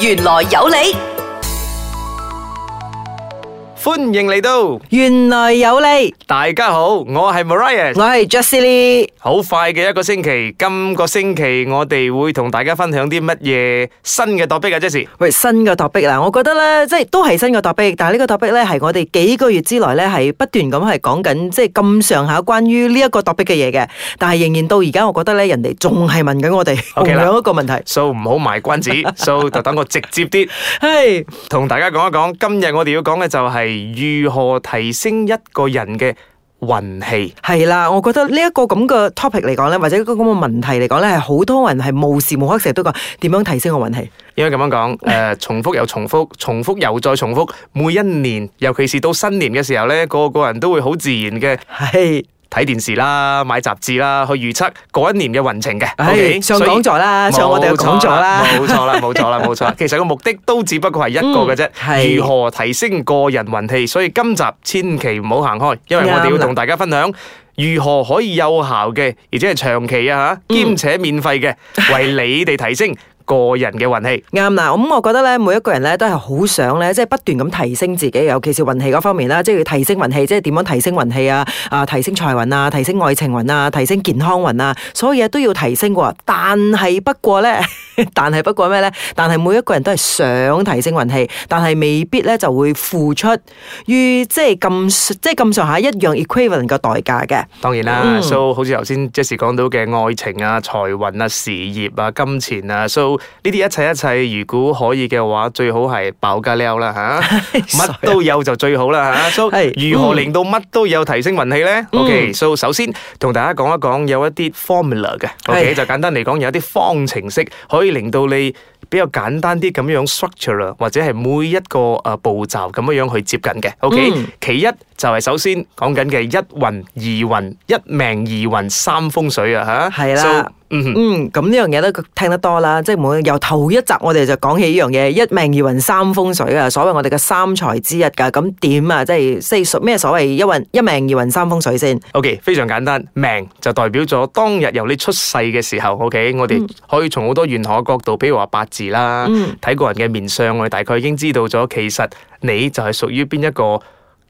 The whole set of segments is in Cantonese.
玄來有理。歡迎嚟到玄來有理。大家好，我係 Mariah，我係 Jaslyne。好快嘅一個星期，今個星期我哋會同大家分享啲乜嘢新嘅 topic 啊，Jaslyne。喂，新嘅 topic 嗱，我覺得咧，即係都係新嘅 topic，但係呢個 topic 咧係我哋幾個月之內咧係不斷咁係講緊，即係咁上下關於呢一個 topic 嘅嘢嘅。但係仍然到而家，我覺得咧人哋仲係問緊我哋同樣一個問題。So 唔好賣關子，So 就等我直接啲，係同大家講一講，今日我哋要講嘅就係。如何提升一個人嘅運氣？係啦，我覺得呢一個咁嘅 topic 嚟講咧，或者一個咁嘅問題嚟講咧，係好多人都係無時無刻成日都講點樣提升個運氣。應該咁樣講，誒， uh, 重複又重複，重複又再重複，每一年，尤其是到新年嘅時候咧，個個人都會好自然嘅係。睇電視啦，買雜誌啦，去預測嗰一年嘅運程嘅。係上講座啦，上我哋嘅講座啦。冇錯啦，冇錯啦，冇錯啦。其實個目的都只不過係一個嘅啫，如何提升個人運氣。所以今集千祈唔好行開，因為我哋要同大家分享如何可以有效嘅，而且係長期啊吓，兼且免費嘅，為你哋提升，個人嘅運氣啱啦，咁我覺得咧，每一個人都係好想咧，即係不斷咁提升自己，尤其是運氣嗰方面啦，即係要提升運氣，即係點樣提升運氣啊？啊，提升財運啊，提升愛情運啊，提升健康運啊，所有嘢都要提升過。但係不過咧，但係不過咩咧？但係每一個人都係想提升運氣，但係未必咧就會付出於即係咁即係咁上下一樣 equivalent 嘅代價嘅。當然啦，So 好似頭先 Just 講到嘅愛情啊、財運啊、事業啊、金錢啊，So 呢啲一切一切，如果可以嘅話，最好係爆加料啦吓，乜、啊、 都有就最好啦。s, S, so, 如何令到乜都有提升運氣呢？o k s, S、okay, o、so, 首先同大家講一講，有一啲 formula 嘅 OK， 就簡單嚟講，有一啲方程式可以令到你比較簡單啲咁樣樣 structure 或者係每一個誒、啊、步驟咁樣去接近嘅。OK， 其一就係、是、首先講緊嘅一運二運一命二運三風水啊吓，係啦。Mm hmm. 嗯，咁呢樣嘢都聽得多啦，即係冇由頭一集我哋就講起呢樣嘢，一命二運三風水啊，所謂我哋嘅三才之一噶，咁點啊，即係咩所謂一運一命二運三風水先？OK，非常簡單，命就代表咗當日由你出世嘅時候，OK，我哋可以從好多玄學嘅角度，比如話八字啦，睇個、mm hmm. 人嘅面相，我哋大概已經知道咗，其實你就係屬於邊一個。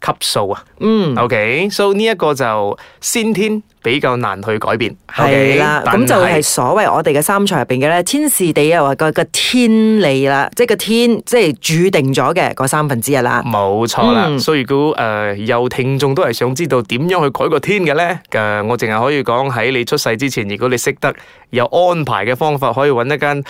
級數啊，嗯，OK，so、okay? 呢一個就先天比較難去改變係啦。咁就係所謂我哋嘅三才入邊嘅咧，天時地啊，或個個天理啦，即係個天即係注定咗嘅嗰三分之一啦，冇錯啦。所以如果誒有、呃、聽眾都係想知道點樣去改個天嘅咧，誒，我淨係可以講喺你出世之前，如果你識得有安排嘅方法，可以揾一間。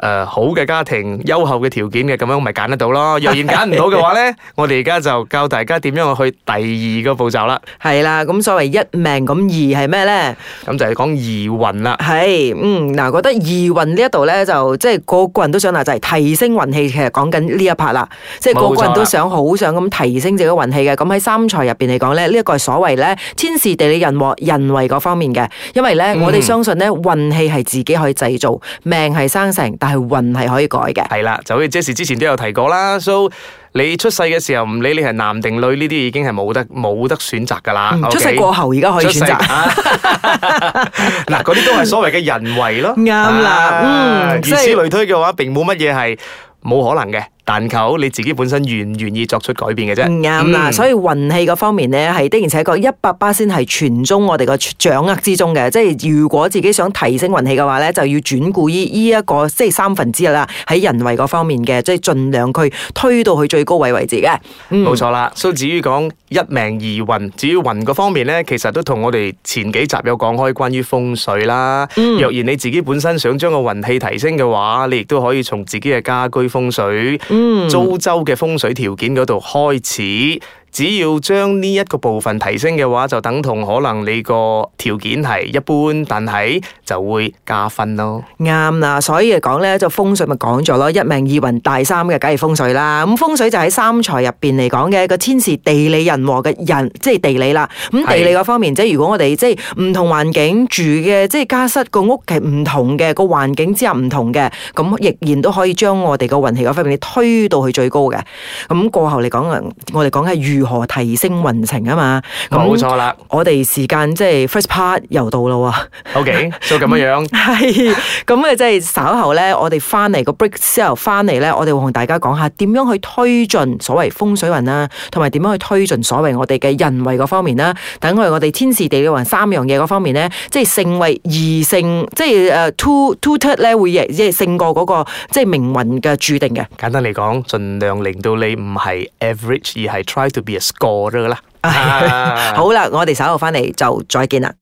誒，好嘅家庭、優厚嘅條件嘅，咁樣咪揀得到咯。若然揀唔到嘅話咧，我哋而家就教大家點樣去第二個步驟啦。係啦，咁所謂一命，咁二係咩咧？咁就係講二運啦。係，嗯，嗱，覺得二運呢一度咧，就即係個個人都想就係提升運氣，其實講緊呢一拍啦，即係個個人都想好想咁提升自己運氣嘅。咁喺三才入邊嚟講咧，呢一個係所謂咧天時地利人和人為各方面嘅，因為咧我哋相信咧運氣係自己可以製造，命係生成，但係運係可以改嘅，係啦，就好似 Jasper 之前都有提過啦。So 你出世嘅時候，唔理你係男定女呢啲，已經係冇得冇得選擇噶啦。出世過後而家可以選擇，嗱，嗰啲都係所謂嘅人為咯。啱啦，嗯，如此類推嘅話，並冇乜嘢係冇可能嘅。難求你自己本身願唔願意作出改變嘅啫，唔啱啦。嗯、所以運氣嗰方面咧，係的而且確一百巴仙係全中我哋個掌握之中嘅。即係如果自己想提升運氣嘅話咧，就要轉顧於依一個即係三分之一啦，喺人為嗰方面嘅，即係盡量去推到去最高位為止嘅。冇錯、嗯、啦。所以至於講一命二運，至於運嗰方面咧，其實都同我哋前幾集有講開關於風水啦。嗯、若然你自己本身想將個運氣提升嘅話，你亦都可以從自己嘅家居風水、嗯。租、嗯、州嘅風水條件嗰度開始。只要將呢一個部分提升嘅話，就等同可能你個條件係一般，但係就會加分咯。啱啦，所以講呢，就風水咪講咗咯，一命二運第三嘅，梗係風水啦。咁風水就喺三才入邊嚟講嘅，個天時、地利、人和嘅人，即係地理啦。咁地理嗰方面，即係是如果我哋即係唔同環境住嘅，即係家室個屋企唔同嘅，個環境之下唔同嘅，咁亦然都可以將我哋個運氣嗰方面，推到去最高嘅。咁過後嚟講，我哋講緊係遇。如何提升運程啊？嘛，冇錯啦！我哋時間即係 First part 又到啦，OK，就 so 咁、like、 樣樣係咁啊！ 即係稍後咧，我哋翻嚟個 break 之後翻嚟咧，我哋會同大家講下點樣去推進所謂風水運啦，同埋點樣去推進所謂我哋嘅人為嗰方面啦，等我哋天時地利運三樣嘢嗰方面咧，即係成為異性，即係誒 two two 出咧會即係勝過嗰、那個即係命運嘅注定嘅。簡單嚟講，盡量令到你唔係 average，而係 try to y e 啦， 好啦，我哋稍後翻嚟就再見啦。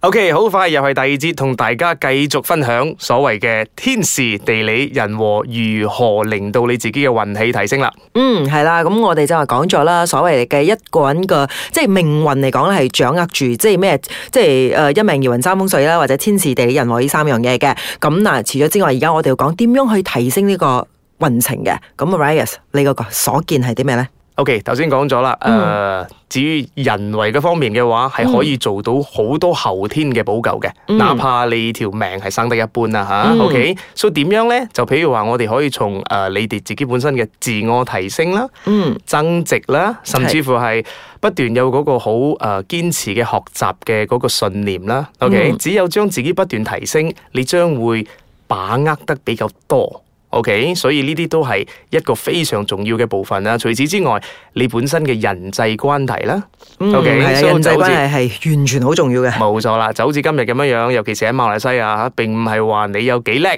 OK，好快又係第二節，同大家繼續分享所謂嘅天時、地利、人和如何令到你自己嘅運氣提升啦。嗯，係啦，咁我哋就話講咗啦，所謂嘅一個人個即係命運嚟講咧，係掌握住即係咩，即係誒一命二運三風水啦，或者天時、地利、人和呢三樣嘢嘅。咁嗱，除咗之外，而家我哋要講點樣去提升呢個運程嘅。咁 Arias 你嗰個所見係啲咩呢？O K，頭先講咗啦，誒、okay, 呃，至於人為嘅方面嘅話，係、嗯、可以做到好多後天嘅補救嘅，嗯、哪怕你條命係生得一般啦吓。O K，所以點樣呢？就譬如話我哋可以從誒、呃、你哋自己本身嘅自我提升啦，嗯、增值啦，甚至乎係不斷有嗰個好誒堅持嘅學習嘅嗰個信念啦。O K，只有將自己不斷提升，你將會把握得比較多。OK，所以呢啲都係一個非常重要嘅部分啦。除此之外，你本身嘅人際關係啦，嗯，OK，係啊，人際關係係完全好重要嘅。冇錯啦，就好似今日咁樣樣，尤其是喺馬來西亞吓，並唔係話你有幾叻，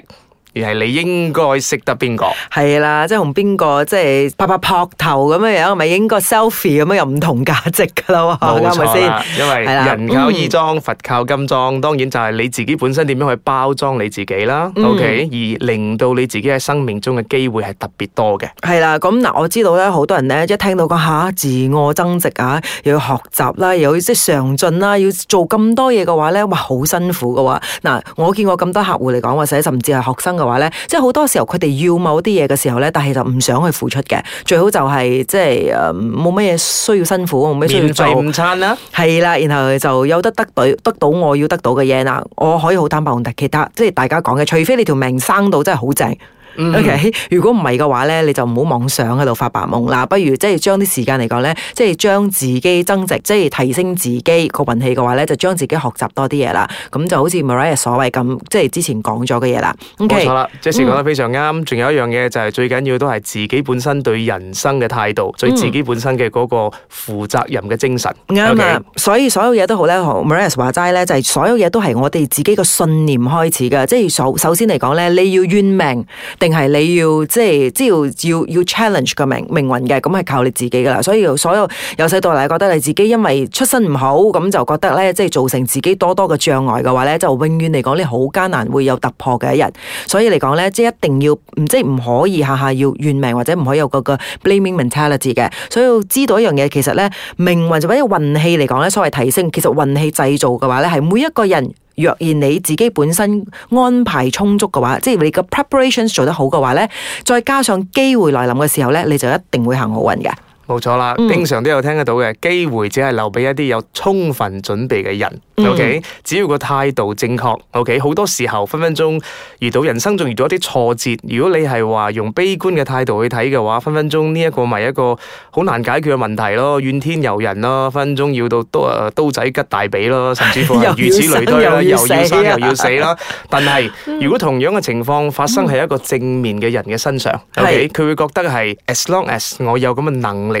而係你應該識得邊個？係啦，即係同邊個即係拍拍膊頭咁樣樣，咪影個 selfie 咁樣又唔同價值噶啦，係咪先？因為的人靠衣裝，嗯、佛靠金裝，當然就係你自己本身點樣去包裝你自己啦。嗯、o、OK? K，而令到你自己喺生命中嘅機會係特別多嘅。係啦，咁嗱，我知道咧，好多人咧一聽到講吓、啊、自我增值啊，又要學習啦，又要即係上進啦，要做咁多嘢嘅話咧，哇、啊，好辛苦嘅話，嗱、啊，我見過咁多客戶嚟講話，或者甚至係學生。嘅話咧，即係好多時候佢哋要某啲嘢嘅時候咧，但係就唔想去付出嘅，最好就係、是、即係誒，冇乜嘢需要辛苦，冇乜嘢需要做午餐啦、啊，係啦，然後就有得得到得到我要得到嘅嘢啦，我可以好坦白同其他即係大家講嘅，除非你條命生到真係好正。O.K. 如果唔係嘅話咧，你就唔好妄想喺度發白夢啦。不如即係將啲時間嚟講咧，即係將自己增值，即係提升自己個運氣嘅話咧，就將自己學習多啲嘢啦。咁就好似 Maria 所謂咁，即係之前講咗嘅嘢啦。冇錯啦，Jason 講得非常啱。仲、嗯、有一樣嘢就係最緊要都係自己本身對人生嘅態度，對、嗯、自己本身嘅嗰個負責任嘅精神。啱啦、嗯，okay? 所以所有嘢都好咧。Maria 話齋咧，就係、是、所有嘢都係我哋自己嘅信念開始噶。即係首首先嚟講咧，你要怨命。定係你要即係，只要要要 challenge 個命命運嘅，咁係靠你自己噶啦。所以所有由細到大覺得你自己因為出身唔好，咁就覺得咧，即係造成自己多多嘅障礙嘅話咧，就永遠嚟講你好艱難會有突破嘅一日。所以嚟講咧，即係一定要唔即係唔可以下下要怨命，或者唔可以有個個 blaming mentality 嘅。所以要知道一樣嘢，其實咧，命運就或者運氣嚟講咧，所謂提升其實運氣製造嘅話咧，係每一個人，若然你自己本身安排充足嘅話，即係你嘅 preparations 做得好嘅話咧，再加上機會來臨嘅時候咧，你就一定會行好運嘅。冇錯啦，經、嗯、常都有聽得到嘅機會，只係留俾一啲有充分準備嘅人。嗯、o、okay? K，只要個態度正確，OK，好多時候分分鐘遇到人生，仲遇到一啲挫折。如果你係話用悲觀嘅態度去睇嘅話，分分鐘呢一個咪一個好難解決嘅問題咯。怨天尤人咯，分分鐘要到刀啊、呃、刀仔吉大髀咯，甚至乎如此類推又要生又要死啦、啊。但係、嗯、如果同樣嘅情況發生喺一個正面嘅人嘅身上，OK，佢會覺得係 as long as 我有咁嘅能力。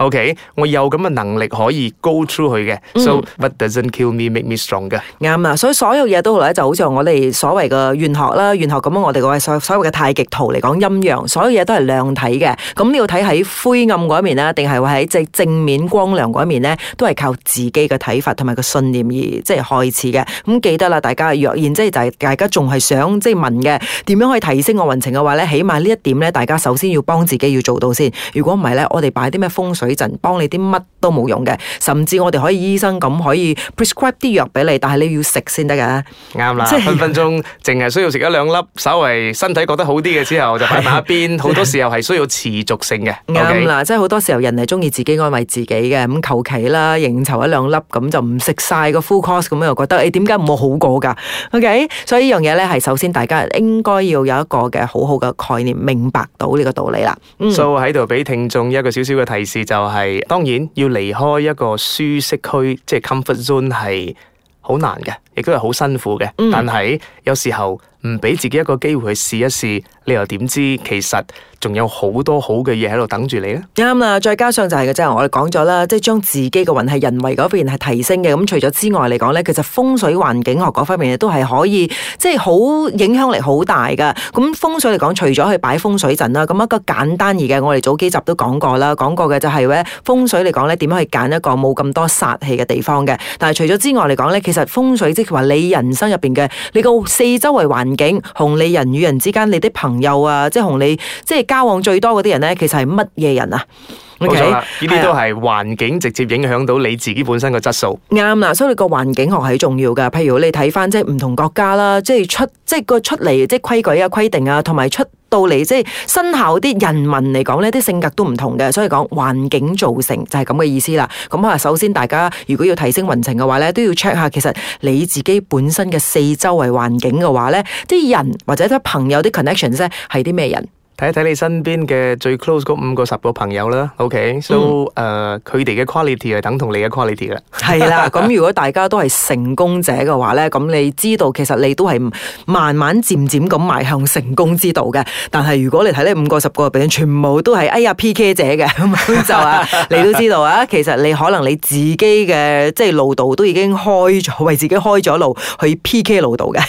OK，我有咁嘅能力可以 go through 去嘅，so what doesn't kill me make me stronger 嘅。啱啊，所以所有嘢都好咧，就好似我哋所謂嘅玄學啦，玄學咁樣，我哋個所謂嘅太極圖嚟講陰陽，所有嘢都係兩體嘅。咁你要睇喺灰暗嗰一面啦，定係會喺即係正面光亮嗰一面咧，都係靠自己嘅睇法同埋個信念而即係開始嘅。咁記得啦，大家若然即係大大家仲係想即係問嘅，點樣可以提升我運程嘅話咧，起碼呢一點咧，大家首先要幫自己要做到先。如果唔係咧，我哋擺啲咩風水？俾朕幫你啲乜？ 都冇用嘅，甚至我哋可以醫生咁可以 prescribe 啲藥俾你，但係你要食先得噶。啱啦了，即係分分鐘淨係需要食一兩粒，稍為身體覺得好啲嘅之後就排埋一邊。好的多時候係需要持續性嘅。啱啦了，Okay? 即係好多時候人係中意自己安慰自己嘅，咁求其啦，應酬一兩粒咁就唔食晒個 full course 咁樣又覺得誒，點解唔會好過噶？OK，所以呢樣嘢咧係首先大家應該要有一個嘅好好嘅概念，明白到呢個道理啦。嗯，所以喺度俾聽眾一個少少嘅提示就係、是，當然要。離開一個舒適區，即係 comfort zone，係好難嘅。亦都係好辛苦嘅，但係有時候唔俾自己一個機會去試一試，你又點知其實仲有好多好嘅嘢喺度等住你咧？啱啦、嗯，再加上就係嘅啫，就是、我哋講咗啦，即係將自己嘅運係人為嗰方面係提升嘅。咁、嗯、除咗之外嚟講呢，其實風水環境學嗰方面都係可以，即係好影響力好大噶。咁、嗯、風水嚟講，除咗去擺風水陣啦，咁、嗯、一個簡單而嘅，我哋早幾集都講過啦，講過嘅就係、是、咧風水嚟講咧，點樣去揀一個冇咁多煞氣嘅地方嘅。但係除咗之外嚟講呢，其實風水即話你人生入邊嘅你個四周圍環境，同你人與人之間，你的朋友啊，即係同你即係交往最多嗰啲人呢，其實係乜嘢人啊？冇錯，呢啲都係環境直接影響到你自己本身嘅質素。啱啦，所以你個環境學係重要嘅。譬如你睇翻即係唔同國家啦，即係出即係個出嚟即係規矩啊、規定啊，同埋出到嚟即係生效啲人民嚟講咧，啲性格都唔同嘅。所以講環境造成就係咁嘅意思啦。咁啊，首先大家如果要提升運程嘅話咧，都要 check 下其實你自己本身嘅四周圍環境嘅話咧，啲人或者啲朋友啲 connections 咧係啲咩人？睇一睇你身邊嘅最 close 嗰五個十個朋友啦，OK，so 誒，佢哋嘅 quality 係等同你嘅 quality 噶了，係啦。咁如果大家都係成功者嘅話咧，咁你知道其實你都係慢慢漸漸咁邁向成功之道嘅。但係如果你睇呢五個十個入邊，全部都係哎呀 PK 者嘅，就啊， 你都知道啊。其實你可能你自己嘅即係路道都已經開咗，為自己開咗路去 PK 路道嘅，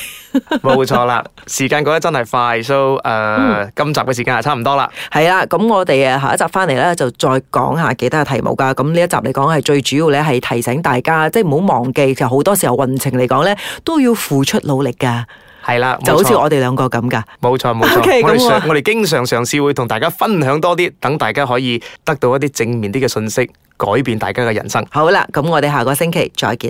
冇錯啦。時間過得真係快，so 誒、呃嗯、今集嘅時間差唔多啦，係啦，咁我哋啊下一集翻嚟咧就再講下其他題目噶，咁呢一集嚟講係最主要咧係提醒大家，即係唔好忘記，其實好多時候運程嚟講咧都要付出努力噶，係啦，就好似我哋兩個咁噶，冇錯冇錯，我哋我哋經常嘗試會同大家分享多啲，等大家可以得到一啲正面啲嘅信息，改變大家嘅人生。好啦，咁我哋下個星期再見啦。